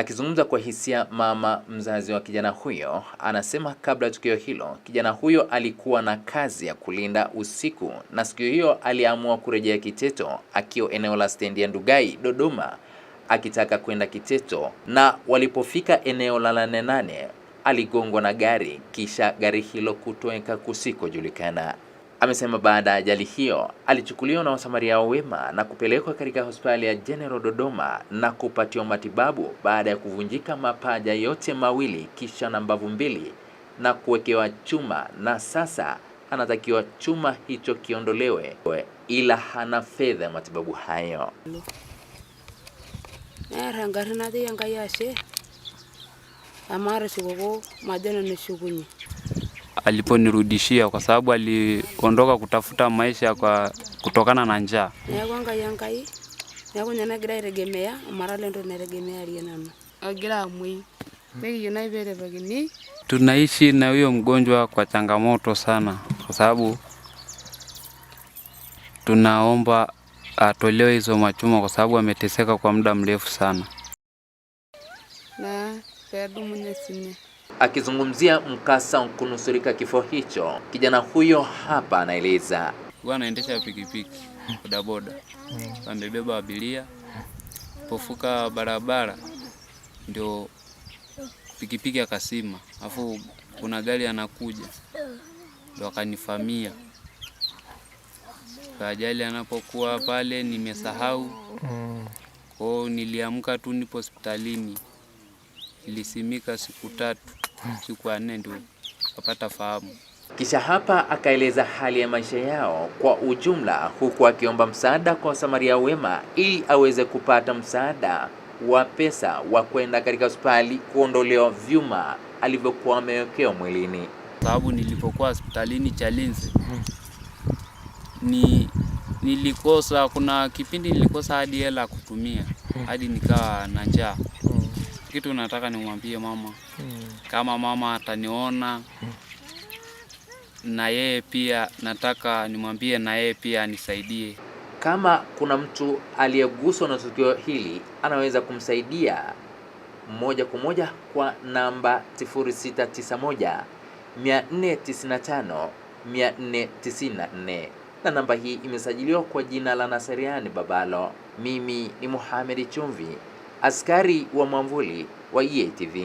Akizungumza kwa hisia, mama mzazi wa kijana huyo anasema kabla ya tukio hilo, kijana huyo alikuwa na kazi ya kulinda usiku na siku hiyo aliamua kurejea Kiteto akiwa eneo la stendi ya Ndugai Dodoma, akitaka kwenda Kiteto, na walipofika eneo la Nane Nane aligongwa na gari kisha gari hilo kutoweka kusikojulikana amesema baada ya ajali hiyo alichukuliwa na wasamaria wema na kupelekwa katika hospitali ya General Dodoma na kupatiwa matibabu baada ya kuvunjika mapaja yote mawili kisha na mbavu mbili na kuwekewa chuma, na sasa anatakiwa chuma hicho kiondolewe, ila hana fedha ya matibabu hayo aliponirudishia, kwa sababu aliondoka kutafuta maisha kwa kutokana na njaa. neeku nkai enkai neeku ninye nagira aitegemea omarale entoki naitegemearie nanu agira Mimi yuna ibere bagini. Tunaishi na huyo mgonjwa kwa changamoto sana, kwa sababu tunaomba atolewe hizo machuma, kwa sababu ameteseka kwa muda mrefu sana na peedumunye sine Akizungumzia mkasa wa kunusurika kifo hicho, kijana huyo hapa anaeleza. Huwa anaendesha pikipiki bodaboda, amebeba abiria, pofuka barabara ndio pikipiki akasima, afu kuna gari anakuja, ndo akanifamia kwa ajali. Anapokuwa pale nimesahau kwao, niliamka tu nipo hospitalini, ilisimika siku tatu siku ya nne ndio wapata fahamu. Kisha hapa akaeleza hali ya maisha yao kwa ujumla, huku akiomba msaada kwa wasamaria wema ili aweze kupata msaada wa pesa wa kwenda katika hospitali kuondolewa vyuma alivyokuwa amewekewa mwilini. Sababu nilipokuwa hospitalini Chalinze ni nilikosa, kuna kipindi nilikosa hadi hela kutumia hadi nikawa na njaa kitu nataka nimwambie mama hmm. Kama mama ataniona hmm. na yeye pia nataka nimwambie na yeye pia anisaidie. Kama kuna mtu aliyeguswa na tukio hili anaweza kumsaidia moja kwa moja kwa namba 0691 495 na namba hii imesajiliwa kwa jina la nasariani Babalo. Mimi ni Muhamedi Chumvi. Askari wa Mwamvuli wa EATV.